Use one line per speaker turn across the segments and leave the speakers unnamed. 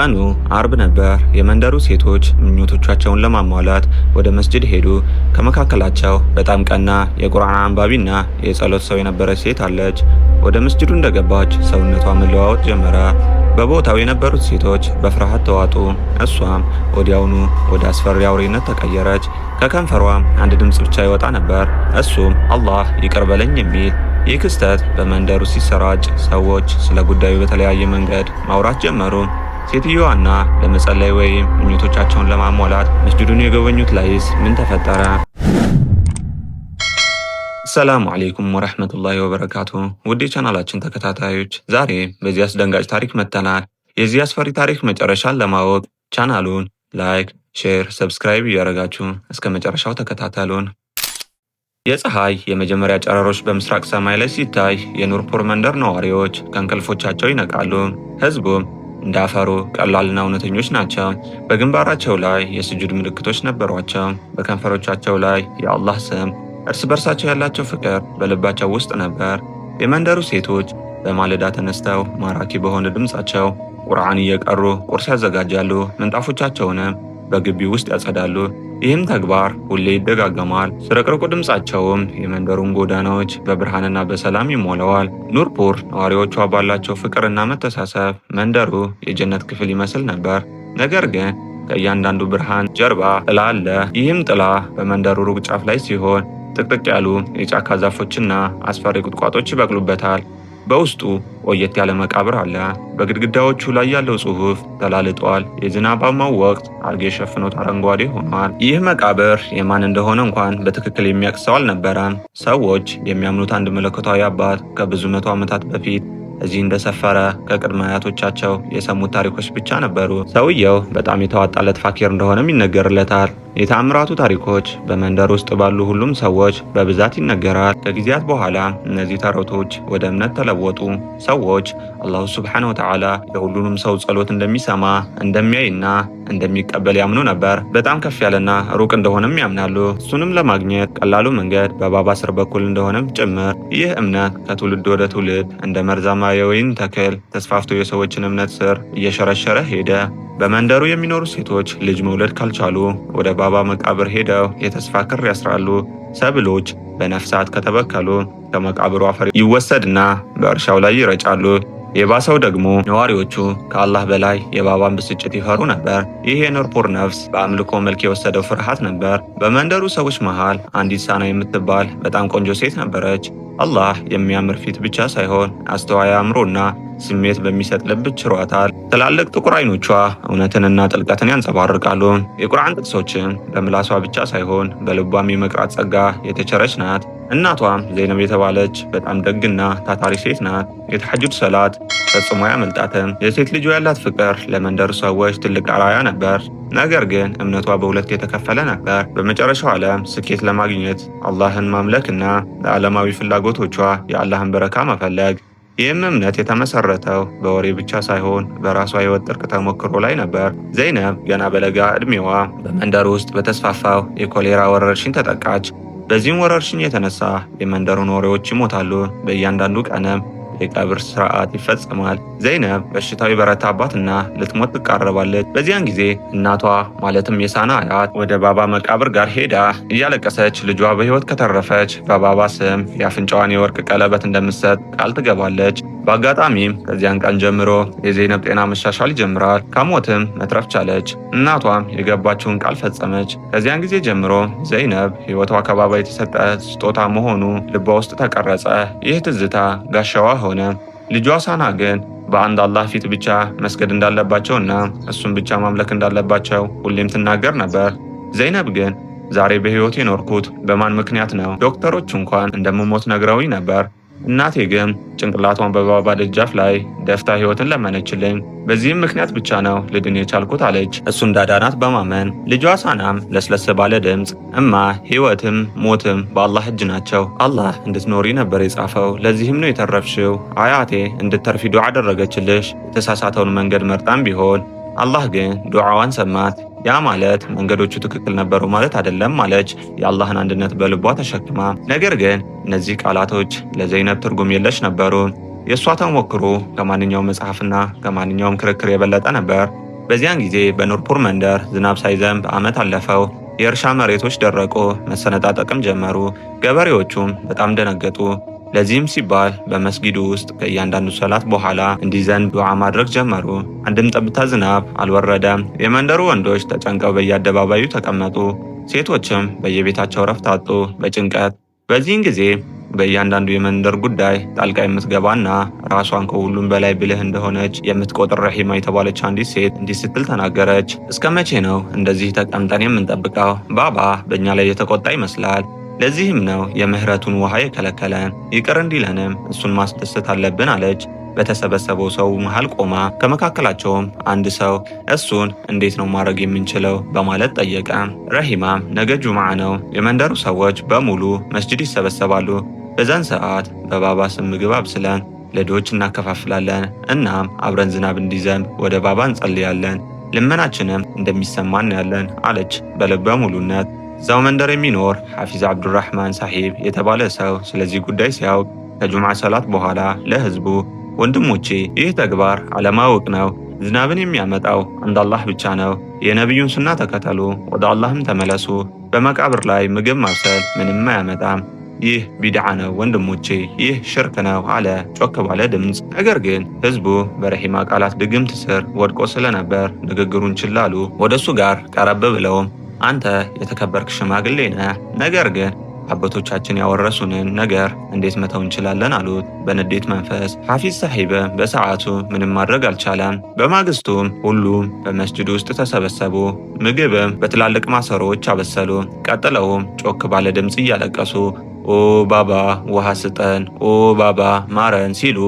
ቀኑ አርብ ነበር። የመንደሩ ሴቶች ምኞቶቻቸውን ለማሟላት ወደ መስጅድ ሄዱ። ከመካከላቸው በጣም ቀና የቁርአን አንባቢና የጸሎት ሰው የነበረች ሴት አለች። ወደ መስጅዱ እንደገባች ሰውነቷ መለዋወጥ ጀመረ። በቦታው የነበሩት ሴቶች በፍርሃት ተዋጡ። እሷም ወዲያውኑ ወደ አስፈሪ አውሬነት ተቀየረች። ከከንፈሯም አንድ ድምፅ ብቻ ይወጣ ነበር፣ እሱም አላህ ይቅር በለኝ የሚል። ይህ ክስተት በመንደሩ ሲሰራጭ ሰዎች ስለ ጉዳዩ በተለያየ መንገድ ማውራት ጀመሩ። ሴትዮዋና ለመጸለይ ወይም ምኞቶቻቸውን ለማሟላት መስጅዱን የጎበኙት ላይስ ምን ተፈጠረ?
ሰላም አሌይኩም ወረህመቱላሂ ወበረካቱ። ውድ የቻናላችን ተከታታዮች ዛሬ በዚህ አስደንጋጭ ታሪክ መጥተናል። የዚህ አስፈሪ ታሪክ መጨረሻን ለማወቅ ቻናሉን ላይክ፣ ሼር፣ ሰብስክራይብ እያደረጋችሁ እስከ መጨረሻው ተከታተሉን። የፀሐይ የመጀመሪያ ጨረሮች በምስራቅ ሰማይ ላይ ሲታይ የኑርፑር መንደር ነዋሪዎች ከእንቅልፎቻቸው ይነቃሉ። ህዝቡም እንደ አፈሩ ቀላልና እውነተኞች ናቸው። በግንባራቸው ላይ የስጁድ ምልክቶች ነበሯቸው። በከንፈሮቻቸው ላይ የአላህ ስም፣ እርስ በርሳቸው ያላቸው ፍቅር በልባቸው ውስጥ ነበር። የመንደሩ ሴቶች በማለዳ ተነስተው ማራኪ በሆነ ድምፃቸው ቁርአን እየቀሩ ቁርስ ያዘጋጃሉ። ምንጣፎቻቸውንም በግቢ ውስጥ ያጸዳሉ። ይህም ተግባር ሁሌ ይደጋገማል። ስረቅርቁ ድምፃቸውም የመንደሩን ጎዳናዎች በብርሃንና በሰላም ይሞለዋል። ኑርፑር ነዋሪዎቿ ባላቸው ፍቅርና መተሳሰብ መንደሩ የጀነት ክፍል ይመስል ነበር። ነገር ግን ከእያንዳንዱ ብርሃን ጀርባ ጥላ አለ። ይህም ጥላ በመንደሩ ሩቅ ጫፍ ላይ ሲሆን ጥቅጥቅ ያሉ የጫካ ዛፎችና አስፈሪ ቁጥቋጦች ይበቅሉበታል። በውስጡ ቆየት ያለ መቃብር አለ። በግድግዳዎቹ ላይ ያለው ጽሑፍ ተላልጧል። የዝናባማው ወቅት አልጌ ሸፍኖት አረንጓዴ ሆኗል። ይህ መቃብር የማን እንደሆነ እንኳን በትክክል የሚያውቅ ሰው አልነበረም። ሰዎች የሚያምኑት አንድ መለኮታዊ አባት ከብዙ መቶ ዓመታት በፊት እዚህ እንደሰፈረ ከቅድመ አያቶቻቸው የሰሙት ታሪኮች ብቻ ነበሩ። ሰውየው በጣም የተዋጣለት ፋኪር እንደሆነም ይነገርለታል። የታምራቱ ታሪኮች በመንደር ውስጥ ባሉ ሁሉም ሰዎች በብዛት ይነገራል። ከጊዜያት በኋላ እነዚህ ተረቶች ወደ እምነት ተለወጡ። ሰዎች አላሁ ስብሓነሁ ወተዓላ የሁሉንም ሰው ጸሎት እንደሚሰማ እንደሚያይና እንደሚቀበል ያምኑ ነበር። በጣም ከፍ ያለና ሩቅ እንደሆነም ያምናሉ። እሱንም ለማግኘት ቀላሉ መንገድ በባባ ስር በኩል እንደሆነም ጭምር። ይህ እምነት ከትውልድ ወደ ትውልድ እንደ መርዛማ የወይን ተክል ተስፋፍቶ የሰዎችን እምነት ስር እየሸረሸረ ሄደ። በመንደሩ የሚኖሩ ሴቶች ልጅ መውለድ ካልቻሉ ወደ ባባ መቃብር ሄደው የተስፋ ክር ያስራሉ። ሰብሎች በነፍሳት ከተበከሉ ከመቃብሩ አፈር ይወሰድና በእርሻው ላይ ይረጫሉ። የባሰው ደግሞ ነዋሪዎቹ ከአላህ በላይ የባባን ብስጭት ይፈሩ ነበር። ይህ የኖርፖር ነፍስ በአምልኮ መልክ የወሰደው ፍርሃት ነበር። በመንደሩ ሰዎች መሃል አንዲት ሳና የምትባል በጣም ቆንጆ ሴት ነበረች። አላህ የሚያምር ፊት ብቻ ሳይሆን አስተዋይ አእምሮና ስሜት በሚሰጥ ልብ ችሯታል። ትላልቅ ጥቁር አይኖቿ እውነትንና ጥልቀትን ያንጸባርቃሉ። የቁርአን ጥቅሶችን በምላሷ ብቻ ሳይሆን በልቧም የመቅራት ጸጋ የተቸረች ናት። እናቷም ዘይነብ የተባለች በጣም ደግና ታታሪ ሴት ናት። የተሐጁድ ሰላት ፈጽሞ አያመልጣትም። የሴት ልጇ ያላት ፍቅር ለመንደሩ ሰዎች ትልቅ አራያ ነበር። ነገር ግን እምነቷ በሁለት የተከፈለ ነበር። በመጨረሻው ዓለም ስኬት ለማግኘት አላህን ማምለክና ለዓለማዊ ፍላጎቶቿ የአላህን በረካ መፈለግ ይህም እምነት የተመሰረተው በወሬ ብቻ ሳይሆን በራሷ ሕይወት ጥርቅ ተሞክሮ ላይ ነበር። ዘይነብ ገና በለጋ ዕድሜዋ በመንደር ውስጥ በተስፋፋው የኮሌራ ወረርሽኝ ተጠቃች። በዚህም ወረርሽኝ የተነሳ የመንደሩ ነዋሪዎች ይሞታሉ። በእያንዳንዱ ቀንም የቀብር ስርዓት ይፈጸማል። ዘይነብ በሽታው አባትና ልትሞት ትቃረባለች። በዚያን ጊዜ እናቷ ማለትም የሳና አያት ወደ ባባ መቃብር ጋር ሄዳ እያለቀሰች ልጇ በህይወት ከተረፈች በባባ ስም የአፍንጫዋን የወርቅ ቀለበት እንደምትሰጥ ቃል ትገባለች። በአጋጣሚም ከዚያን ቀን ጀምሮ የዘይነብ ጤና መሻሻል ይጀምራል። ከሞትም መትረፍ ቻለች። እናቷም የገባችውን ቃል ፈጸመች። ከዚያን ጊዜ ጀምሮ ዘይነብ ህይወቷ ከባባ የተሰጠ ስጦታ መሆኑ ልቧ ውስጥ ተቀረጸ። ይህ ትዝታ ጋሻዋ ሆነ። ልጇ ሳና ግን በአንድ አላህ ፊት ብቻ መስገድ እንዳለባቸውና እሱን ብቻ ማምለክ እንዳለባቸው ሁሌም ትናገር ነበር። ዘይነብ ግን ዛሬ በሕይወት የኖርኩት በማን ምክንያት ነው? ዶክተሮች እንኳን እንደምሞት ነግረውኝ ነበር እናቴ ግን ጭንቅላቷን በባባ ደጃፍ ላይ ደፍታ ሕይወትን ለመነችልኝ። በዚህም ምክንያት ብቻ ነው ልድን የቻልኩት አለች። እሱ እንዳዳናት በማመን ልጇ ሳናም ለስለስ ባለ ድምፅ እማ ሕይወትም ሞትም በአላህ እጅ ናቸው፣ አላህ እንድትኖሪ ነበር የጻፈው፣ ለዚህም ነው የተረፍሽው። አያቴ እንድትተርፊ ዱዓ አደረገችልሽ። የተሳሳተውን መንገድ መርጣም ቢሆን አላህ ግን ዱዓዋን ሰማት። ያ ማለት መንገዶቹ ትክክል ነበሩ ማለት አይደለም ማለች። የአላህን አንድነት በልቧ ተሸክማ ነገር ግን እነዚህ ቃላቶች ለዘይነብ ትርጉም የለሽ ነበሩ። የእሷ ተሞክሮ ከማንኛውም መጽሐፍና ከማንኛውም ክርክር የበለጠ ነበር። በዚያን ጊዜ በኑርፑር መንደር ዝናብ ሳይዘንብ ዓመት አለፈው። የእርሻ መሬቶች ደረቁ፣ መሰነጣጠቅም ጀመሩ። ገበሬዎቹም በጣም ደነገጡ። ለዚህም ሲባል በመስጊዱ ውስጥ ከእያንዳንዱ ሰላት በኋላ እንዲዘንብ ዱዓ ማድረግ ጀመሩ። አንድም ጠብታ ዝናብ አልወረደም። የመንደሩ ወንዶች ተጨንቀው በየአደባባዩ ተቀመጡ። ሴቶችም በየቤታቸው ረፍታጡ አጡ በጭንቀት። በዚህን ጊዜ በእያንዳንዱ የመንደር ጉዳይ ጣልቃ የምትገባና ራሷን ከሁሉም በላይ ብልህ እንደሆነች የምትቆጥር ረሒማ የተባለች አንዲት ሴት እንዲህ ስትል ተናገረች። እስከ መቼ ነው እንደዚህ ተቀምጠን የምንጠብቀው? ባባ በእኛ ላይ የተቆጣ ይመስላል። ለዚህም ነው የምህረቱን ውሃ የከለከለን። ይቅር እንዲለንም እሱን ማስደሰት አለብን አለች። በተሰበሰበው ሰው መሃል ቆማ ከመካከላቸውም አንድ ሰው እሱን እንዴት ነው ማድረግ የምንችለው በማለት ጠየቀ። ረሂማም ነገ ጁምዓ ነው፣ የመንደሩ ሰዎች በሙሉ መስጅድ ይሰበሰባሉ። በዛን ሰዓት በባባ ስም ምግብ አብስለን ለድሆች እናከፋፍላለን። እናም አብረን ዝናብ እንዲዘንብ ወደ ባባ እንጸልያለን። ልመናችንም እንደሚሰማን ያለን አለች በልበ ሙሉነት እዛው መንደር የሚኖር ሐፊዝ አብዱራህማን ሳሂብ የተባለ ሰው ስለዚህ ጉዳይ ሲያውቅ ከጁምዓ ሰላት በኋላ ለህዝቡ ወንድሞቼ፣ ይህ ተግባር አለማወቅ ነው። ዝናብን የሚያመጣው አንድ አላህ ብቻ ነው። የነቢዩን ሱና ተከተሉ፣ ወደ አላህም ተመለሱ። በመቃብር ላይ ምግብ ማብሰል ምንም አያመጣም። ይህ ቢድዓ ነው ወንድሞቼ፣ ይህ ሽርክ ነው አለ ጮክ ባለ ድምፅ። ነገር ግን ህዝቡ በረሂማ ቃላት ድግምት ስር ወድቆ ስለነበር ንግግሩን ችላሉ። ወደ እሱ ጋር ቀረብ ብለውም አንተ የተከበርክ ሽማግሌ ነህ፣ ነገር ግን አባቶቻችን ያወረሱንን ነገር እንዴት መተው እንችላለን? አሉት በንዴት መንፈስ። ሐፊዝ ሳሂበ በሰዓቱ ምንም ማድረግ አልቻለም። በማግስቱም ሁሉም በመስጅድ ውስጥ ተሰበሰቡ። ምግብም በትላልቅ ማሰሮዎች አበሰሉ። ቀጥለውም ጮክ ባለ ድምፅ እያለቀሱ ኦ ባባ ውሃ ስጠን፣ ኦ ባባ ማረን ሲሉ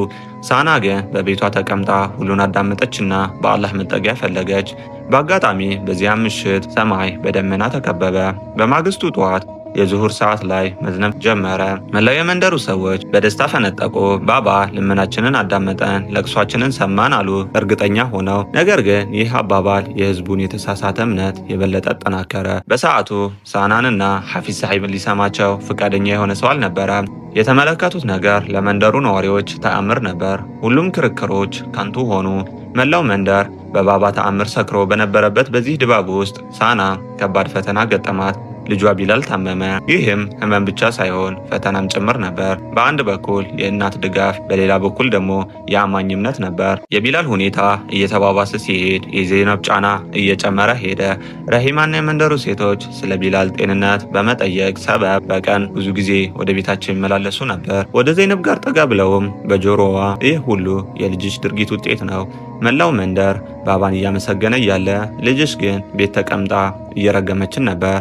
ሳና ግን በቤቷ ተቀምጣ ሁሉን አዳመጠችና በአላህ መጠጊያ ፈለገች። በአጋጣሚ በዚያም ምሽት ሰማይ በደመና ተከበበ። በማግስቱ ጠዋት የዙሁር ሰዓት ላይ መዝነብ ጀመረ። መላው የመንደሩ ሰዎች በደስታ ፈነጠቁ። ባባ ልመናችንን አዳመጠን፣ ለቅሷችንን ሰማን አሉ እርግጠኛ ሆነው። ነገር ግን ይህ አባባል የህዝቡን የተሳሳተ እምነት የበለጠ አጠናከረ። በሰዓቱ ሳናንና ሐፊዝ ሳሒብ ሊሰማቸው ፈቃደኛ የሆነ ሰው አልነበረም። የተመለከቱት ነገር ለመንደሩ ነዋሪዎች ተአምር ነበር። ሁሉም ክርክሮች ከንቱ ሆኑ። መላው መንደር በባባ ተአምር ሰክሮ በነበረበት በዚህ ድባብ ውስጥ ሳና ከባድ ፈተና ገጠማት። ልጇ ቢላል ታመመ። ይህም ህመም ብቻ ሳይሆን ፈተናም ጭምር ነበር። በአንድ በኩል የእናት ድጋፍ፣ በሌላ በኩል ደግሞ የአማኝ እምነት ነበር። የቢላል ሁኔታ እየተባባሰ ሲሄድ የዜናብ ጫና እየጨመረ ሄደ። ረሂማና የመንደሩ ሴቶች ስለ ቢላል ጤንነት በመጠየቅ ሰበብ በቀን ብዙ ጊዜ ወደ ቤታቸው ይመላለሱ ነበር። ወደ ዜናብ ጋር ጠጋ ብለውም በጆሮዋ ይህ ሁሉ የልጅሽ ድርጊት ውጤት ነው መላው መንደር ባባን እያመሰገነ እያለ ልጅሽ ግን ቤት ተቀምጣ እየረገመችን ነበር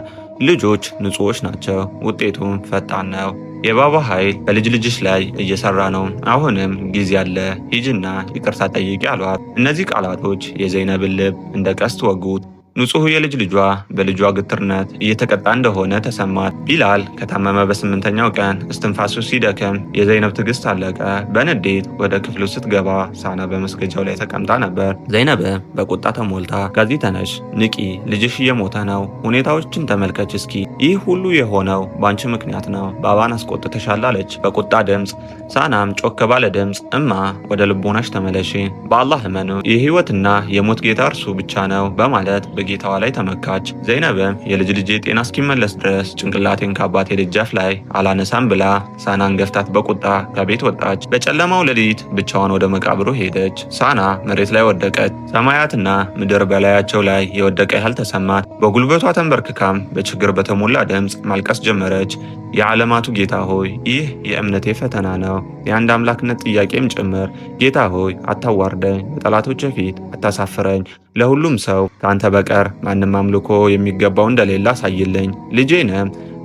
ልጆች ንጹዎች ናቸው፣ ውጤቱም ፈጣን ነው። የባባ ኃይል በልጅ ልጅሽ ላይ እየሰራ ነው። አሁንም ጊዜ አለ፣ ሂጅና ይቅርታ ጠይቂ አሏት። እነዚህ ቃላቶች የዘይነብን ልብ እንደ ቀስት ወጉት። ንጹህ የልጅ ልጇ በልጇ ግትርነት እየተቀጣ እንደሆነ ተሰማት። ቢላል ከታመመ በስምንተኛው ቀን እስትንፋሱ ሲደክም የዘይነብ ትዕግስት አለቀ። በንዴት ወደ ክፍሉ ስትገባ ሳና በመስገጃው ላይ ተቀምጣ ነበር። ዘይነብም በቁጣ ተሞልታ ጋዚ ተነሽ፣ ንቂ፣ ልጅሽ እየሞተ ነው። ሁኔታዎችን ተመልከች እስኪ። ይህ ሁሉ የሆነው በአንቺ ምክንያት ነው። ባባን አስቆጥተሻል አለች በቁጣ ድምፅ። ሳናም ጮክ ባለ ድምፅ እማ ወደ ልቦናሽ ተመለሽ በአላህ እመኑ፣ የህይወትና የሞት ጌታ እርሱ ብቻ ነው በማለት እይታዋ ላይ ተመካች። ዘይነብም የልጅ ልጄ ጤና እስኪመለስ ድረስ ጭንቅላቴን ከአባቴ ደጃፍ ላይ አላነሳም ብላ ሳናን ገፍታት በቁጣ ከቤት ወጣች። በጨለማው ሌሊት ብቻዋን ወደ መቃብሩ ሄደች። ሳና መሬት ላይ ወደቀች። ሰማያትና ምድር በላያቸው ላይ የወደቀ ያህል ተሰማት። በጉልበቷ ተንበርክካም በችግር በተሞላ ድምፅ ማልቀስ ጀመረች። የዓለማቱ ጌታ ሆይ ይህ የእምነቴ ፈተና ነው፣ የአንድ አምላክነት ጥያቄም ጭምር። ጌታ ሆይ አታዋርደኝ፣ በጠላቶች ፊት አታሳፍረኝ ለሁሉም ሰው ከአንተ በቀር ማንም አምልኮ የሚገባው እንደሌለ አሳይልኝ፣ ልጄ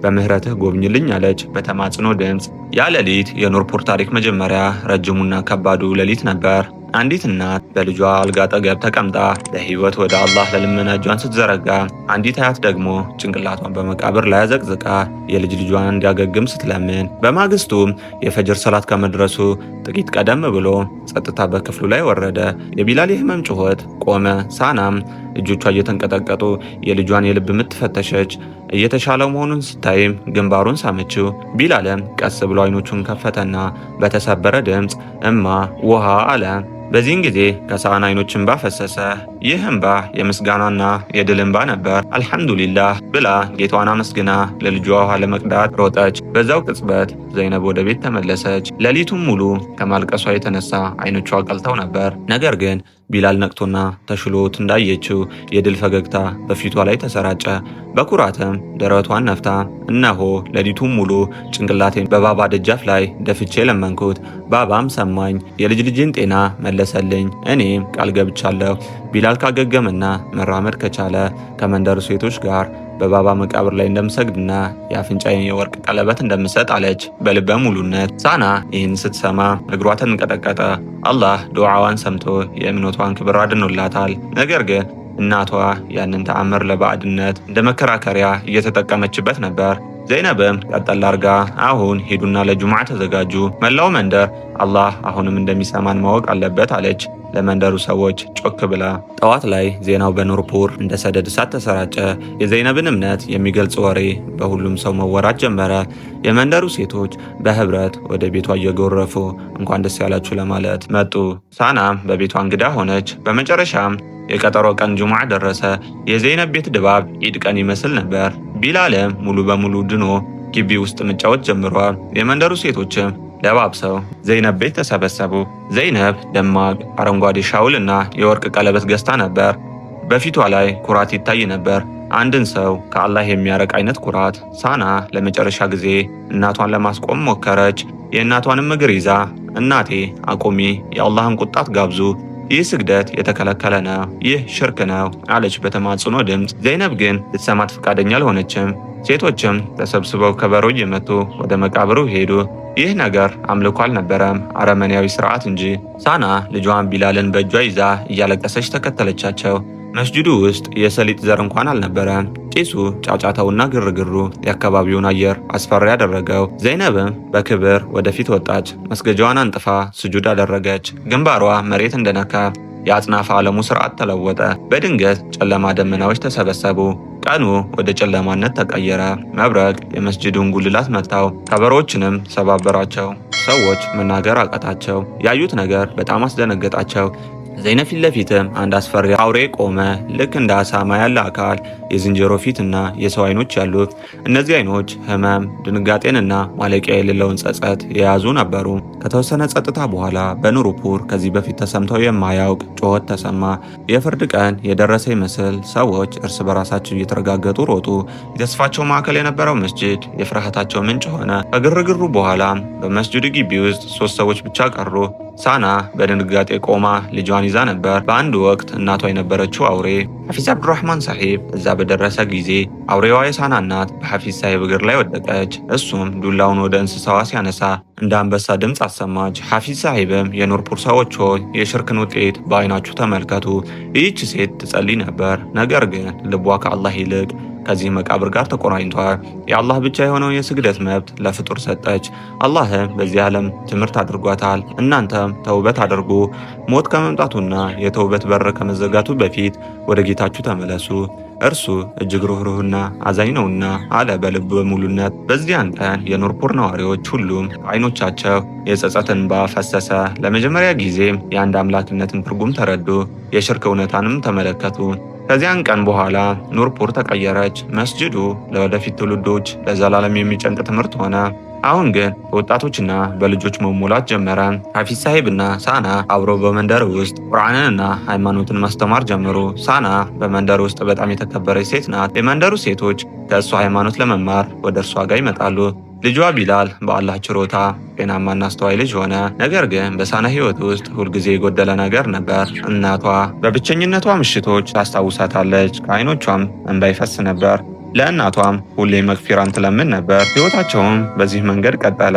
በምህረትህ ጎብኝልኝ አለች በተማጽኖ ድምፅ። ያ ሌሊት የኖርፖር ታሪክ መጀመሪያ ረጅሙና ከባዱ ሌሊት ነበር። አንዲት እናት በልጇ አልጋ አጠገብ ተቀምጣ ለህይወት ወደ አላህ ለልመና እጇን ስትዘረጋ፣ አንዲት አያት ደግሞ ጭንቅላቷን በመቃብር ላይ አዘቅዝቃ የልጅ ልጇን እንዲያገግም ስትለምን፣ በማግስቱ የፈጅር ሰላት ከመድረሱ ጥቂት ቀደም ብሎ ጸጥታ በክፍሉ ላይ ወረደ። የቢላል የህመም ጩኸት ቆመ። ሳናም እጆቿ እየተንቀጠቀጡ የልጇን የልብ ምት ፈተሸች። እየተሻለው መሆኑን ስታይም ግንባሩን ሳመችው። ቢላልም ቀስ ብሎ አይኖቹን ከፈተና በተሰበረ ድምፅ እማ ውሃ አለ። በዚህን ጊዜ ከሰዓን አይኖች እንባ ፈሰሰ። ይህ እንባ የምስጋናና የድል እንባ ነበር። አልሐምዱሊላህ ብላ ጌቷን አመስግና ለልጇ ውሃ ለመቅዳት ሮጠች። በዛው ቅጽበት ዘይነብ ወደ ቤት ተመለሰች። ሌሊቱም ሙሉ ከማልቀሷ የተነሳ አይኖቿ ቀልተው ነበር። ነገር ግን ቢላል ነቅቶና ተሽሎት እንዳየችው የድል ፈገግታ በፊቷ ላይ ተሰራጨ። በኩራትም ደረቷን ነፍታ እነሆ ሌሊቱን ሙሉ ጭንቅላቴን በባባ ደጃፍ ላይ ደፍቼ ለመንኩት፣ ባባም ሰማኝ፣ የልጅ ልጅን ጤና መለሰልኝ። እኔም ቃል ገብቻለሁ ቢላል ካገገመና መራመድ ከቻለ ከመንደሩ ሴቶች ጋር በባባ መቃብር ላይ እንደምሰግድና የአፍንጫዬን የወርቅ ቀለበት እንደምሰጥ አለች በልበ ሙሉነት። ሳና ይህን ስትሰማ እግሯ ተንቀጠቀጠ። አላህ ዱዓዋን ሰምቶ የእምነቷን ክብር አድኖላታል። ነገር ግን እናቷ ያንን ተአምር ለባዕድነት እንደ መከራከሪያ እየተጠቀመችበት ነበር። ዘይነብም ቀጠል አርጋ አሁን ሂዱና ለጁምዓ ተዘጋጁ፣ መላው መንደር አላህ አሁንም እንደሚሰማን ማወቅ አለበት አለች። ለመንደሩ ሰዎች ጮክ ብላ ጠዋት ላይ ዜናው በኑርፑር እንደ ሰደድ እሳት ተሰራጨ። የዘይነብን እምነት የሚገልጽ ወሬ በሁሉም ሰው መወራት ጀመረ። የመንደሩ ሴቶች በህብረት ወደ ቤቷ እየጎረፉ እንኳን ደስ ያላችሁ ለማለት መጡ። ሳናም በቤቷ እንግዳ ሆነች። በመጨረሻም የቀጠሮ ቀን ጁሙዓ ደረሰ። የዘይነብ ቤት ድባብ ኢድ ቀን ይመስል ነበር። ቢላልም ሙሉ በሙሉ ድኖ ግቢ ውስጥ መጫወት ጀምሯል። የመንደሩ ሴቶችም ደባብሰው ዘይነብ ቤት ተሰበሰቡ። ዘይነብ ደማቅ አረንጓዴ ሻውል እና የወርቅ ቀለበት ገዝታ ነበር። በፊቷ ላይ ኩራት ይታይ ነበር። አንድን ሰው ከአላህ የሚያረቅ አይነት ኩራት። ሳና ለመጨረሻ ጊዜ እናቷን ለማስቆም ሞከረች። የእናቷንም እግር ይዛ እናቴ አቁሚ፣ የአላህን ቁጣት ጋብዙ ይህ ስግደት የተከለከለ ነው፣ ይህ ሽርክ ነው አለች በተማጽኖ ድምፅ። ዘይነብ ግን ልትሰማት ፈቃደኛ አልሆነችም። ሴቶችም ተሰብስበው ከበሮ እየመቱ ወደ መቃብሩ ሄዱ። ይህ ነገር አምልኮ አልነበረም፣ አረመኔያዊ ስርዓት እንጂ። ሳና ልጇን ቢላልን በእጇ ይዛ እያለቀሰች ተከተለቻቸው። መስጅዱ ውስጥ የሰሊጥ ዘር እንኳን አልነበረም። ጭሱ፣ ጫጫታውና ግርግሩ የአካባቢውን አየር አስፈሪ ያደረገው። ዘይነብም በክብር ወደፊት ወጣች። መስገጃዋን አንጥፋ ስጁድ አደረገች። ግንባሯ መሬት እንደነካ የአጽናፈ ዓለሙ ስርዓት ተለወጠ። በድንገት ጨለማ ደመናዎች ተሰበሰቡ። ቀኑ ወደ ጨለማነት ተቀየረ። መብረቅ የመስጅዱን ጉልላት መታው፣ ከበሮችንም ሰባበራቸው። ሰዎች መናገር አቃታቸው። ያዩት ነገር በጣም አስደነገጣቸው። ዘይነ ፊት ለፊትም አንድ አስፈሪ አውሬ ቆመ። ልክ እንደ አሳማ ያለ አካል፣ የዝንጀሮ ፊትና የሰው አይኖች ያሉት። እነዚህ አይኖች ህመም፣ ድንጋጤንና ማለቂያ የሌለውን ጸጸት የያዙ ነበሩ። ከተወሰነ ጸጥታ በኋላ በኑሩፑር ከዚህ በፊት ተሰምተው የማያውቅ ጩኸት ተሰማ። የፍርድ ቀን የደረሰ ይመስል ሰዎች እርስ በራሳቸው እየተረጋገጡ ሮጡ። የተስፋቸው ማዕከል የነበረው መስጅድ የፍርሃታቸው ምንጭ ሆነ። ከግርግሩ በኋላም በመስጅዱ ግቢ ውስጥ ሶስት ሰዎች ብቻ ቀሩ። ሳና በድንጋጤ ቆማ ልጇን ይዛ ነበር። በአንድ ወቅት እናቷ የነበረችው አውሬ ሐፊዝ አብዱራህማን ሳሂብ እዛ በደረሰ ጊዜ አውሬዋ የሳና እናት በሐፊዝ ሳሂብ እግር ላይ ወደቀች። እሱም ዱላውን ወደ እንስሳዋ ሲያነሳ እንደ አንበሳ ድምፅ አሰማች። ሐፊዝ ሳሂብም የኑርፑር ሰዎች ሆይ የሽርክን ውጤት በአይናችሁ ተመልከቱ። ይህች ሴት ትጸልይ ነበር፣ ነገር ግን ልቧ ከአላህ ይልቅ ከዚህ መቃብር ጋር ተቆራኝቷል። የአላህ ብቻ የሆነውን የስግደት መብት ለፍጡር ሰጠች። አላህም በዚህ ዓለም ትምህርት አድርጓታል። እናንተም ተውበት አድርጉ። ሞት ከመምጣቱና የተውበት በር ከመዘጋቱ በፊት ወደ ጌታችሁ ተመለሱ። እርሱ እጅግ ሩህሩህና አዛኝ ነውና አለ በልብ በሙሉነት። በዚያን ቀን ፖር ነዋሪዎች ሁሉም አይኖቻቸው የጸጸት እንባ ፈሰሰ። ለመጀመሪያ ጊዜም የአንድ አምላክነትን ትርጉም ተረዱ። የሽርክ እውነታንም ተመለከቱ። ከዚያን ቀን በኋላ ኑርፑር ተቀየረች። መስጅዱ ለወደፊት ትውልዶች ለዘላለም የሚጨንቅ ትምህርት ሆነ። አሁን ግን በወጣቶችና በልጆች መሞላት ጀመረ። ሐፊዝ ሳሂብና ሳና አብረው በመንደር ውስጥ ቁርአንንና ሃይማኖትን ማስተማር ጀመሩ። ሳና በመንደር ውስጥ በጣም የተከበረች ሴት ናት። የመንደሩ ሴቶች ከእሷ ሃይማኖት ለመማር ወደ እርሷ ጋር ይመጣሉ። ልጇ ቢላል በአላህ ችሮታ ጤናማና አስተዋይ ልጅ ሆነ። ነገር ግን በሳና ህይወት ውስጥ ሁልጊዜ የጎደለ ነገር ነበር። እናቷ በብቸኝነቷ ምሽቶች ታስታውሳታለች፣ ከአይኖቿም እንባይፈስ ነበር። ለእናቷም ሁሌ መግፊራን ትለምን ነበር። ህይወታቸውም በዚህ መንገድ ቀጠለ።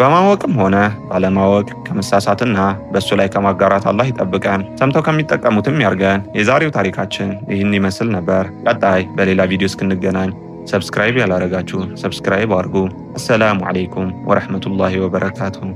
በማወቅም ሆነ ባለማወቅ ከመሳሳትና በእሱ ላይ ከማጋራት አላህ ይጠብቀን፣ ሰምተው ከሚጠቀሙትም ያርገን። የዛሬው ታሪካችን ይህን ይመስል ነበር። ቀጣይ በሌላ ቪዲዮ እስክንገናኝ ሰብስክራይብ ያላረጋችሁ ሰብስክራይብ አድርጉ። አሰላሙ አለይኩም ወረህመቱላሂ ወበረካቱሁ።